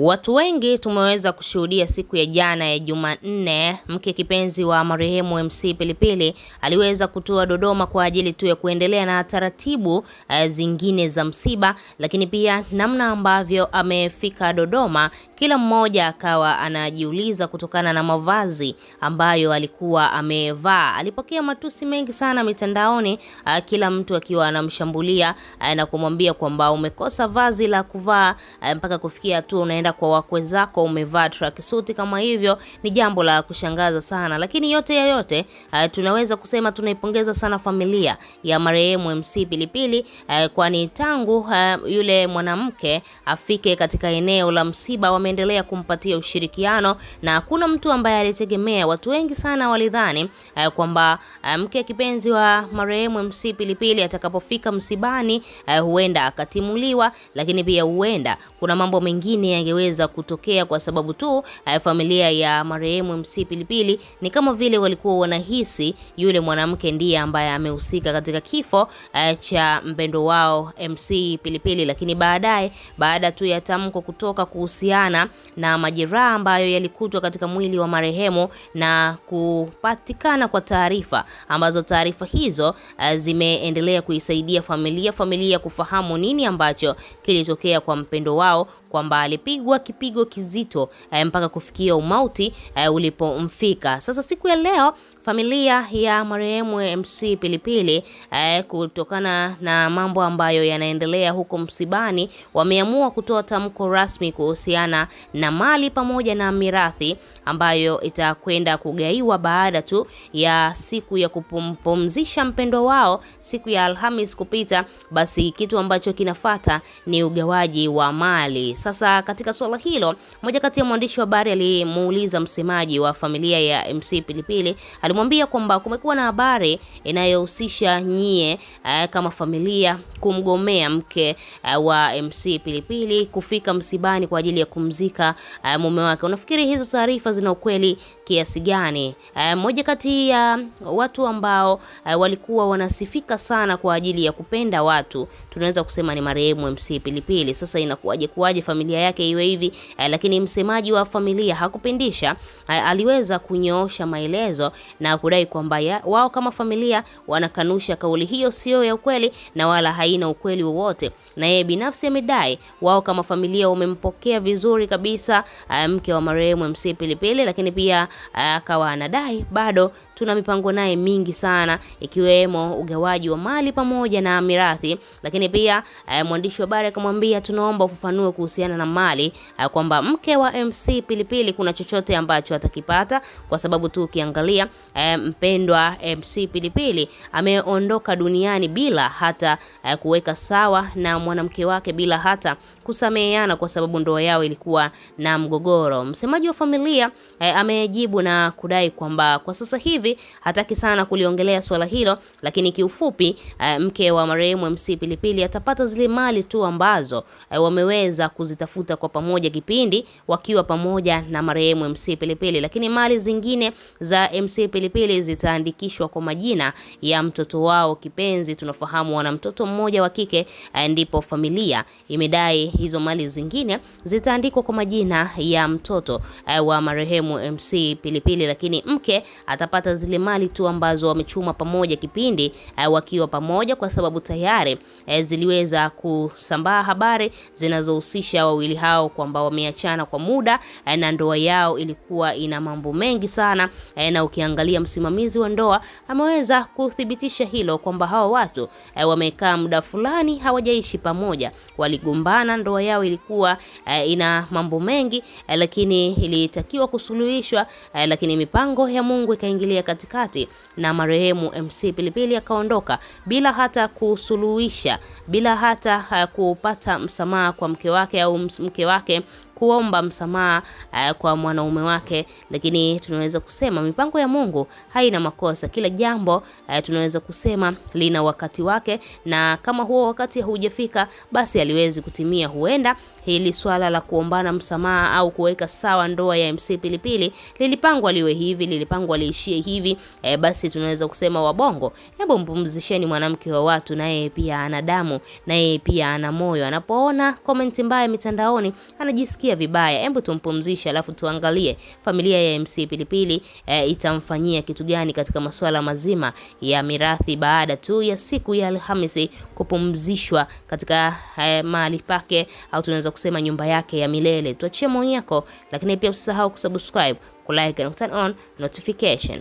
Watu wengi tumeweza kushuhudia siku ya jana ya Jumanne, mke kipenzi wa marehemu MC Pilipili aliweza kutua Dodoma kwa ajili tu ya kuendelea na taratibu eh, zingine za msiba, lakini pia namna ambavyo amefika Dodoma, kila mmoja akawa anajiuliza kutokana na mavazi ambayo alikuwa amevaa. Alipokea matusi mengi sana mitandaoni, eh, kila mtu akiwa anamshambulia eh, na kumwambia kwamba umekosa vazi la kuvaa mpaka kufikia hatua unaenda kwenda kwa zako umevaa tracksuit kama hivyo, ni jambo la kushangaza sana. Lakini yote ya yote, uh, tunaweza kusema tunaipongeza sana familia ya marehemu MC Pilipili uh, kwani tangu uh, yule mwanamke afike katika eneo la msiba wameendelea kumpatia ushirikiano, na hakuna mtu ambaye alitegemea. Watu wengi sana walidhani uh, kwamba uh, mke kipenzi wa marehemu MC Pilipili atakapofika msibani uh, huenda akatimuliwa, lakini pia huenda kuna mambo mengine hajaweza kutokea kwa sababu tu eh, familia ya marehemu MC Pilipili ni kama vile walikuwa wanahisi yule mwanamke ndiye ambaye amehusika katika kifo eh, cha mpendo wao MC Pilipili, lakini baadaye, baada tu ya tamko kutoka kuhusiana na majeraha ambayo yalikutwa katika mwili wa marehemu na kupatikana kwa taarifa ambazo taarifa hizo eh, zimeendelea kuisaidia familia familia kufahamu nini ambacho kilitokea kwa mpendo wao kwamba alipigwa kipigo kizito eh, mpaka kufikia umauti eh, ulipomfika. Sasa siku ya leo familia ya marehemu MC Pilipili eh, kutokana na mambo ambayo yanaendelea huko msibani, wameamua kutoa tamko rasmi kuhusiana na mali pamoja na mirathi ambayo itakwenda kugaiwa baada tu ya siku ya kumpumzisha mpendo wao siku ya Alhamis kupita, basi kitu ambacho kinafata ni ugawaji wa mali. Sasa katika suala hilo, moja kati ya mwandishi wa habari alimuuliza msemaji wa familia ya MC Pilipili Alimwambia kwamba kumekuwa na habari inayohusisha nyie eh, kama familia kumgomea mke eh, wa MC Pilipili kufika msibani kwa ajili ya kumzika eh, mume wake. Unafikiri hizo taarifa zina ukweli kiasi gani? Mmoja kati ya watu ambao walikuwa wanasifika sana kwa ajili ya kupenda watu, tunaweza kusema ni marehemu MC Pilipili. Sasa inakuwaje kuwaje familia yake iwe hivi? Lakini msemaji wa familia hakupindisha, aliweza kunyoosha maelezo na kudai kwamba wao kama familia wanakanusha kauli hiyo sio ya ukweli na wala haina ukweli wowote, na yeye binafsi amedai wao kama familia wamempokea vizuri kabisa eh, mke wa marehemu MC Pilipili, lakini pia eh, akawa anadai bado tuna mipango naye mingi sana ikiwemo ugawaji wa mali pamoja na mirathi, lakini pia eh, mwandishi wa habari akamwambia, tunaomba ufafanue kuhusiana na mali kwamba mke wa MC Pilipili kuna chochote ambacho atakipata, kwa sababu tu ukiangalia eh, mpendwa eh, MC Pilipili ameondoka duniani bila hata eh, kuweka sawa na mwanamke wake bila hata kusameheana kwa sababu ndoa yao ilikuwa na mgogoro. Msemaji wa familia eh, amejibu na kudai kwamba kwa sasa hivi hataki sana kuliongelea swala hilo, lakini kiufupi eh, mke wa marehemu MC Pilipili atapata zile mali tu ambazo eh, wameweza kuzitafuta kwa pamoja kipindi wakiwa pamoja na marehemu MC Pilipili, lakini mali zingine za MC Pilipili Pilipili zitaandikishwa kwa majina ya mtoto wao kipenzi. Tunafahamu wana mtoto mmoja wa kike, eh, ndipo familia imedai hizo mali zingine zitaandikwa kwa majina ya mtoto eh, wa marehemu MC Pilipili, lakini mke atapata zile mali tu ambazo wamechuma pamoja kipindi eh, wakiwa pamoja, kwa sababu tayari ziliweza kusambaa habari zinazohusisha wawili hao kwamba wameachana kwa muda na ndoa yao ilikuwa ina mambo mengi sana na ukiangalia ya msimamizi wa ndoa ameweza kuthibitisha hilo kwamba hawa watu e, wamekaa muda fulani hawajaishi pamoja, waligombana, ndoa yao ilikuwa e, ina mambo mengi e, lakini ilitakiwa kusuluhishwa e, lakini mipango ya Mungu ikaingilia katikati na marehemu MC Pilipili akaondoka bila hata kusuluhisha, bila hata kupata msamaha kwa mke wake au mke wake kuomba msamaha uh, kwa mwanaume wake, lakini tunaweza kusema mipango ya Mungu haina makosa. Kila jambo uh, tunaweza kusema lina wakati wake, na kama huo wakati haujafika, basi haliwezi kutimia. Huenda hili swala la kuombana msamaha au kuweka sawa ndoa ya MC Pilipili lilipangwa liwe hivi, lilipangwa liishie hivi. E, basi tunaweza kusema wabongo, hebu mpumzisheni mwanamke wa watu, na yeye pia ana damu, na yeye pia ana moyo. Anapoona komenti mbaya mitandaoni anajisikia anajisikia vibaya. Hebu tumpumzishe, alafu tuangalie familia ya MC Pilipili e, itamfanyia kitu gani katika masuala mazima ya mirathi baada tu ya siku ya Alhamisi kupumzishwa katika e, mahali pake au tunaweza kusema nyumba yake ya milele. Tuachie maoni yako, lakini pia usisahau kusubscribe, kulike na turn on notification.